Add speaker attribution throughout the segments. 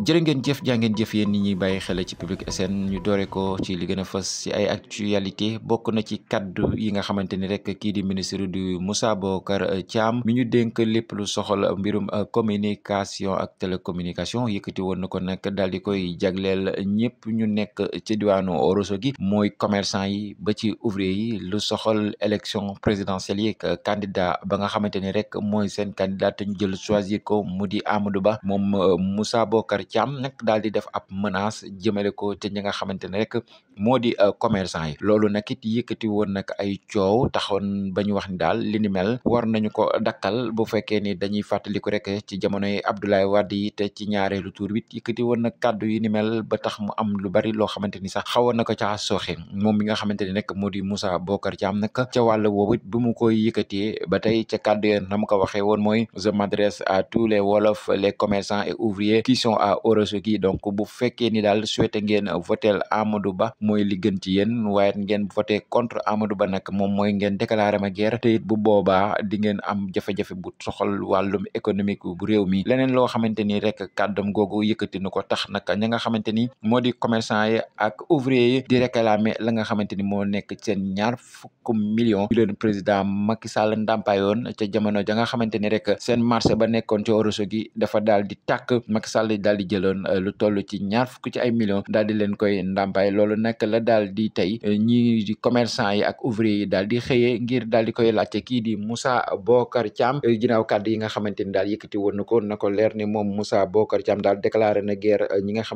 Speaker 1: jër ngeen jëf jàngeen ngeen jëf yéen ni ñuy bàyyi xel ci Public SN ñu doore ko ci li gën a fës ci ay actualité bokk na ci kaddu yi nga xamante ni rek kii di ministre du Moussa Bocar Thiam mi ñu dénk lépp lu soxal mbirum communication ak télécommunication yëkkati woon na ko nag daal di koy jagleel ñëpp ñu nekk ci diwaanu Rosso mooy commerçant yi ba ci ouvrier yi lu soxal élection présidentielle yeeg candidat ba nga xamante ni rek mooy seen candidat te ñu jël choisir ko mu di Amadou Ba moom Moussa Bocar Thiam nag daal di def ab menace jëmale ko ci ñi nga xamante ne rek moo di euh, commerçant yi loolu nag it yëkkati woon nag ay coow taxoon ba ñu wax ni daal li ni mel war nañu ko dakkal bu fekkee ni dañuy fàttaliku rek ci jamonoy Abdoulaye Wade yi te ci ñaareelu tuur bi yëkkati woon nag kàddu yi ni mel ba tax mu am lu bari loo xamante ni sax xawoon na ko caa sooxe moom mi nga xamante ni nag moo di Moussa Bokar Thiam nag ca wàll woowu it bi mu koy ba tey ca kàddu na mu ko waxee woon mooy je m'adresse à tous les Wolof les commerçants et ouvriers qui sont à Ourossogui donc bu fekkee ni daal souhaité ngeen votel Amadou Ba mooy li gën ci yéen ngeen voté contre Amadou Ba nag moom mooy ngeen déclaré ma guerre te it bu boobaa di ngeen am jafe-jafe bu soxal wàllum économique bu réew mi leneen loo xamante ni rek kaddom googu yëkkati na ko tax nag ña nga xamante ni moo di commerçant yi ak ouvrier yi di réclamer la nga xamante ni moo nekk seen ñaar fukk million yu président Macky Sall ndàmpaayoon ca jamono ja nga xamante ni rek seen marché ba nekkoon ci oroso gi dafa daal di tàkk Macky Sall daal di jëloon lu toll ci ñaar fukk ci ay millions leen koy ndàmpaay loolu nag nag la daal di tey eh, ñii di commerçant yi ak ouvrier yi ngir daal di koy laajte kii eh, ni daal yëkkati woon na ko na ko leer ne moom Moussa Bocar Thiam daal déclaré na guerre eh, ya fa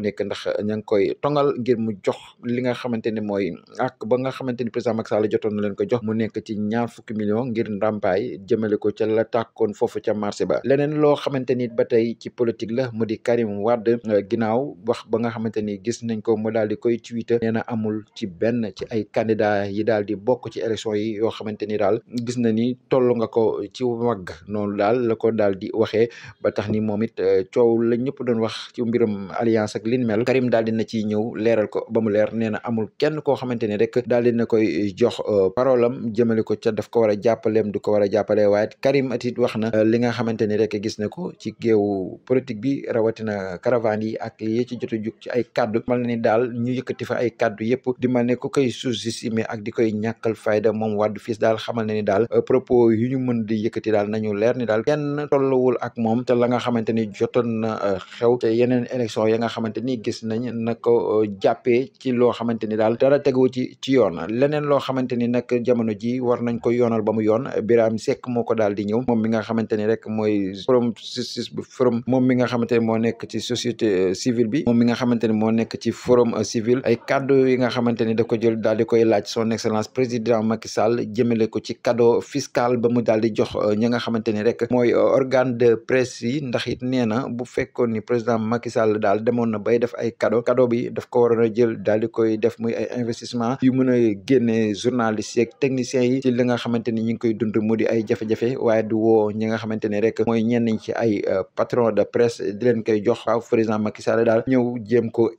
Speaker 1: nekk ndax ña ngi koy tongal ngir mu jox li nga xamante ne mooy ak ba nga xamante ni président Macky Sall jotoon na leen ko jox mu nekk ci ñaar fukki million ngir ndàmpaay jëmale ko ca la tàkkoon foofu ca marché ba leneen loo xamante ba tey ci politique la mu Karim Wade ginnaaw ba nga xamante ni gis nañ ko mu daal di koy tweeter nee na amul ci benn ci ay candidat yi daal di bokk ci élection yi yoo xamante ni daal gis na ni toll nga ko ci wagg noonu daal la ko daal di waxee ba tax ni moom it euh, coow la ñëpp doon wax ci mbirum alliance ak lin mel Karim daal di na ci ñëw leeral ko ba mu leer nee na amul kenn koo xamante ni rek daal di na koy jox euh, parole am jëmale ko ca daf ko war a du ko war a jàppale Karim atit wax na euh, li nga xamante ni rek gis na ko ci géewu politique bi rawatina caravane yi ak yi ci jot a ci ay kàddu mal na ni daal ñu yëkkati fa ay kàddu yëpp di mal ne ku koy sous-estimer ak di koy ñàkkal fayda moom Wade fils daal xamal na ni daal euh, propos yu ñu ni daal kenn tollawul ak moom te la nga xamante ni na euh, xew te yeneen élection ya nga gis nañ na ko euh, jàppee ci loo xamante ni tegu ci ci yoon leneen loo xamante ni ji war nañ ko yoonal ba mu yoon Birame Seck moo ko daal di ñëw moom mi nga xamante ni nekk ci société civile bi moom mi nga xamante ni moo nekk ci forum civil ay kaddu yi nga xamante ni da ko jël daal di koy laaj son excellence président Macky Sall jëmale ko ci cadeau fiscal ba mu daal di jox euh, ñi nga xamante ni rek mooy euh, organe de presse yi ndax it nee na bu fekkoon ni président Macky Sall daal demoon na bay def ay cadeau kado bi daf ko waroon a jël daal di koy def muy ay investissement yu mën a génne journalistes yeeg techniciens yi ci li nga xamante ni ñu ngi koy dund mu di ay jafe-jafe waaye du woo ñi nga xamante ni rek mooy ñenn ci ay euh, patron de di leen koy jox waaw président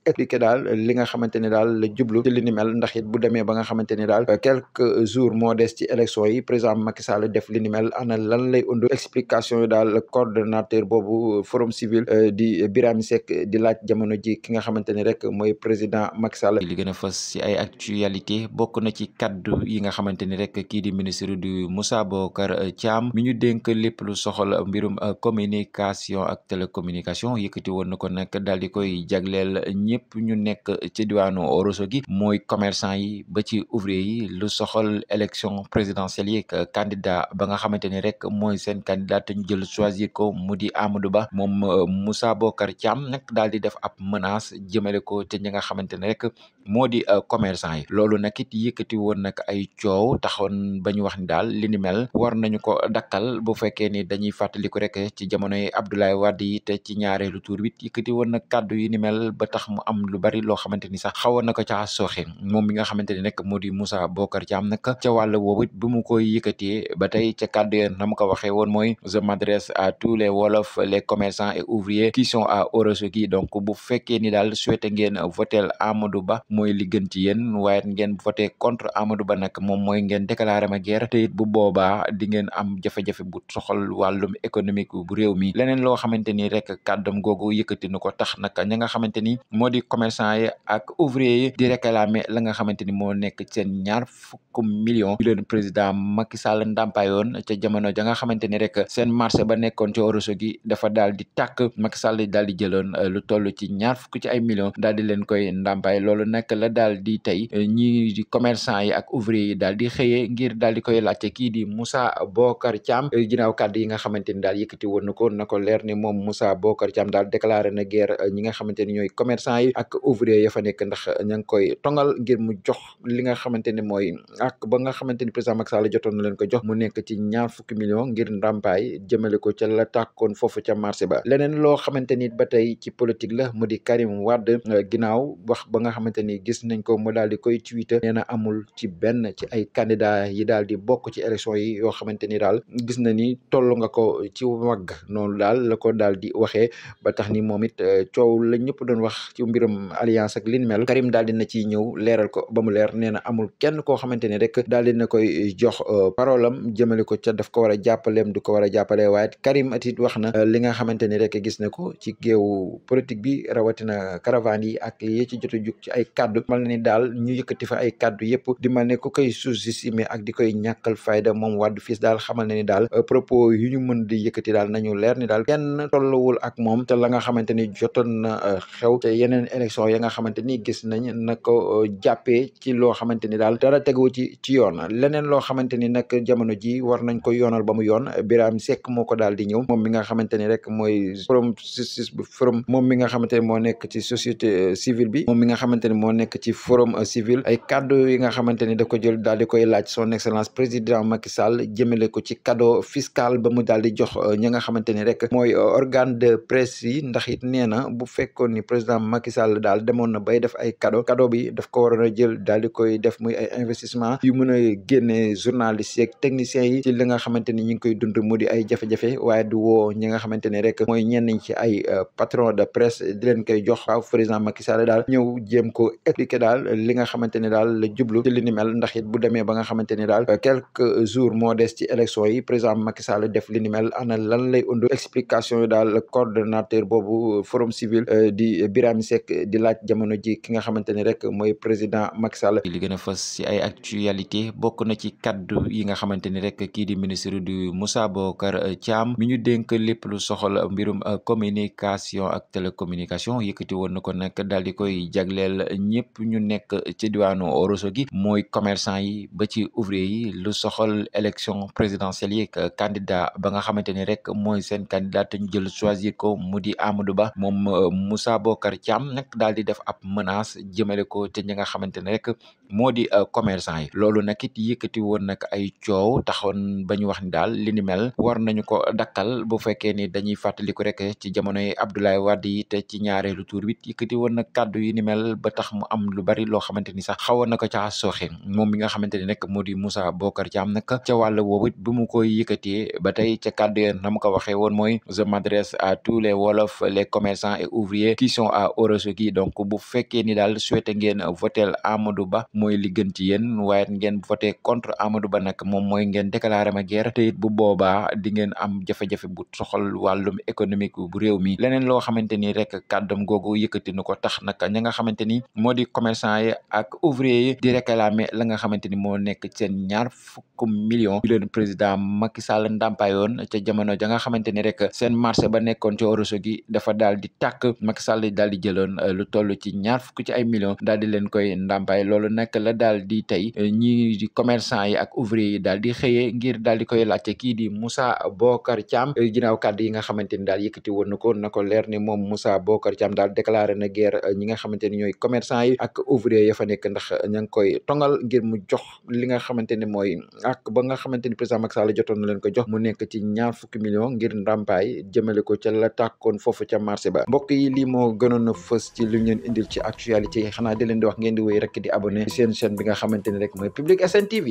Speaker 1: expliquer daal li nga xamante ni daal la jublu ci li ni mel ndax it bu demee ba nga xamante ni daal quelques jours moo des ci élection yi président Macky Sall def li ni mel ana lan lay undu explication yi daal coordonnateur boobu forum civil euh, di biram Seck di laaj jamono ji ki nga xamante ni rek mooy président Macky Sall li gën a fës ci ay actualité bokk na ci kaddu yi nga xamante ni rek kii di ministre du Moussa Bocar Thiam mi ñu dénk lépp lu soxal mbirum communication ak télécommunication yëkkati woon na ko nag daal di koy jagleel ñëpp ñu nekk ci diwaanu Rosso gi mooy commerçant yi ba ci ouvrier yi lu soxal élection présidentielle yeeg candidat ba nga xamante ni rek mooy seen candidat te ñu jël choisir ko mu di Amadou Ba moom euh, Moussa Bokar Thiam nag daal di def ab menace jëmale ko te ñi nga xamante ne rek moo di euh, commerçant yi loolu nag it yëkkati woon nag ay coow taxoon ba ñu wax ni daal li ni mel war nañu ko dakkal bu fekkee ni dañuy fàttaliku rek ci jamonoy Abdoulaye Wade yi te ci ñaareelu tour bi yëkkati woon mu am lu bari loo xamante ni sax xawoon na ko caa sooxe moom mi nga xamante ni nag moo di Moussa Bocar ca wàll woowu bi koy yëkkatee ba ca kàddu yeen na mu ko waxee woon mooy je m'adresse à tous les Wolof les commerçants et ouvriers qui sont à Ourossogui donc bu fekkee ni daal souhaité ngeen votel Amadou Ba mooy li gën ci yéen waaye ngeen voté contre Amadou Ba nag moom mooy ngeen déclaré ma guerre te it bu boobaa di ngeen am jafe-jafe bu soxal wàllum économique bu réew mi leneen loo xamante ni rek moo di commerçant yi ak ouvrier yi di réclamer la nga xamante ni moo nekk seen ñaar fukk million yu leen président Macky Sall ndàmpaayoon ca jamono ja nga ni rek seen marché ba nekkoon on oroso gi dafa daal di tàkk Macky Sall daal di jëloon euh, lu toll ci ñaar fukk ci ay million daal di leen koy ndàmpaay loolu nag la daal di tey euh, ñii di commerçant yi ak ouvrier yi daal di xëyee ngir daal di koy laajte kii di Moussa Bokar Thiam euh, ginnaaw kàddu yi nga xamante ni daal yëkkati woon na ko ñooy commerçant enseignants yi ak ouvrier ya fa nekk ndax ña ngi koy tongal ngir mu jox li nga xamante ne mooy ak ba nga xamante ni président Macky Sall jotoon na leen ko jox mu nekk ci ñaar fukki million ngir ndàmpaay jëmale ko ca la tàkkoon foofu ca marché ba leneen loo xamante ni ba tey ci politique la mu di Karim Wade ginnaaw wax ba nga xamante ni gis nañ ko mu daal di koy tweeter nee na amul ci benn ci ay candidat yi daal di bokk ci élection yi yoo xamante ni daal gis na ni toll nga ko ci wagg noonu daal la ko daal di waxee ba tax ni moom it eh, coow la ñëpp doon wax ci mbirum alliance ak lin mel Karim daal dina ciy ñëw leeral ko ba mu leer nee na amul kenn koo xamante rek daal dina koy jox euh, parole am jëmale ko ca daf ko war a jàppaleem a euh, li nga xamante ni rek na ko ci géewu bi rawatina caravane yi ak yi a jug ci ay kaddu mal na ni daal ñu yëkkati ma ne ak di koy ñàkkal fayda moom wàddu fils daal xamal na ni daal euh, propos yu ñu mën di yëkkati daal nañu leer ni daal kenn tolluwul ak moom te la nga xamante ni jotoon na xew yeneen élection ya nga xamante ni gis nañ na ko euh, ci loo xamante ni daal dara teg ci ci yoon leneen loo xamante ni nag jamono ji war nañ ko yoonal ba mu yoon Birahim Seck moo ko daal di ñëw moom mi nga xamante ni rek mooy forum justice bu forum moom mi nga xamante ni moo nekk ci société euh, civile bi mi nga xamante ni moo nekk ci forum euh, civil ay kaddu yi nga xamante ni da ko jël daal di koy laaj son excellence président Macky Sall jëmale ko ci cadeau fiscal ba mu daal di jox ña nga xamante ni rek mooy organe de presse yi ndax it nee na ni président Macky Sall daal demoon na bay def ay cadeau cadeau bi daf ko waroon a jël daal def muy investissement yu mën a génne journalistes yeeg yi ci li nga xamante ni ci ay euh, patron de presse di leen jox waaw président Macky Sall daal ñëw jéem ko expliquer daal li nga daal la jublu ci li ni mel ndax it bu demee ba nga xamante ni daal euh, quelques jours moo des élection yi président Macky Sall def li ana lan explication daal coordonnateur boobu euh, forum civil di Seck di laaj jamono ji ki nga xamante ni rek mooy président Macky Sall. li gën a fës si bokk na ci kaddu yi nga xamante ni rek kii di ministre du Moussa kar Thiam mi ñu dénk lépp lu soxal mbirum communication ak télécommunication yëkkati woon na ko nag daal di koy jagleel ñëpp ñu nekk ci diwaanu Rosso gi mooy commerçant yi ba ci ouvrier yi lu soxal élection présidentielle yi ak ba nga xamante ni rek mooy seen candidat te ñu jël choisir ko mu di Amadou Ba moom Moussa Bocar Thiam Trump nag daal di def ab menace jëmale ko ci ñi nga xamante ne rek moo di euh, commerçant yi loolu nag it yëkkati woon nag ay coow taxoon ba ñu wax ni daal li ni mel war nañu ko dakkal bu fekkee ni dañuy fàttaliku rek ci jamonoy Abdoulaye Wade yi te ci ñaareelu tour bi yëkkati woon nag kàddu yi ni mel ba tax mu am lu bari loo xamante ni sax xawoon na ko caa sooxe moom mi nga xamante ni rek moo di Moussa Bokar Thiam nag ca wàll woowu it bi mu koy yëkkatee ba tey ca kàddu yeen na mu ko waxee woon mooy je m'adresse à tous les Wolof les commerçants numéro kii donc bu fekkee ni daal souhaité ngeen votel Amadou Ba mooy li gën ngeen voté contre Amadou Ba nag moom mooy ngeen déclaré ma guerre te it bu boobaa di ngeen am jafe-jafe bu soxal wàllum économique bu réew mi leneen loo xamante ni rek kàddam googu yëkkati na ko tax nag ña nga xamante ni moo di commerçant yi ak ouvrier yi di réclamer la nga xamante ni moo nekk seen ñaar fukk million yu leen président Macky Sall ndàmpaayoon ca jamono ja nga xamante ni rek seen marché ba nekkoon ci oroso gi dafa daal di tàkk Macky Sall daal di jël jëloon euh, lu toll ci ñaar fukk ci ay millions daal di leen koy ndàmpaay loolu nag la daal di tay euh, ñi di commerçant yi ak ouvrier yi daal di xëyee ngir daal di koy laajte kii di Moussa Bocar Thiam euh, ginnaaw kàddu yi nga xamante ni daal yëkkati woon na ko na ko leer ne moom Moussa Bocar Thiam daal déclaré na guerre ñi nga xamante ni ñooy commerçant yi ak ouvrier ya fa nekk ndax ña ngi koy tongal ngir mu jox li nga xamante ne mooy ak ba nga xamante ni président Macky Sall jotoon na leen ko jox mu nekk ci ñaar fukki million ngir ndàmpaay jëmale ko ca la tàkkoon foofu ca marché ba mbokk yi lii fës ci lu ñu leen indil ci actualité yi xanaa di leen di wax ngeen di wéy rek di abonné seen chaîne bi nga xamante ni rek mooy Public SN TV